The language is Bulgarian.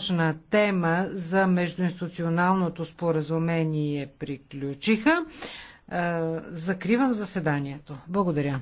важна тема за междуинституционалното споразумение приключиха. Е, закривам заседанието. Благодаря.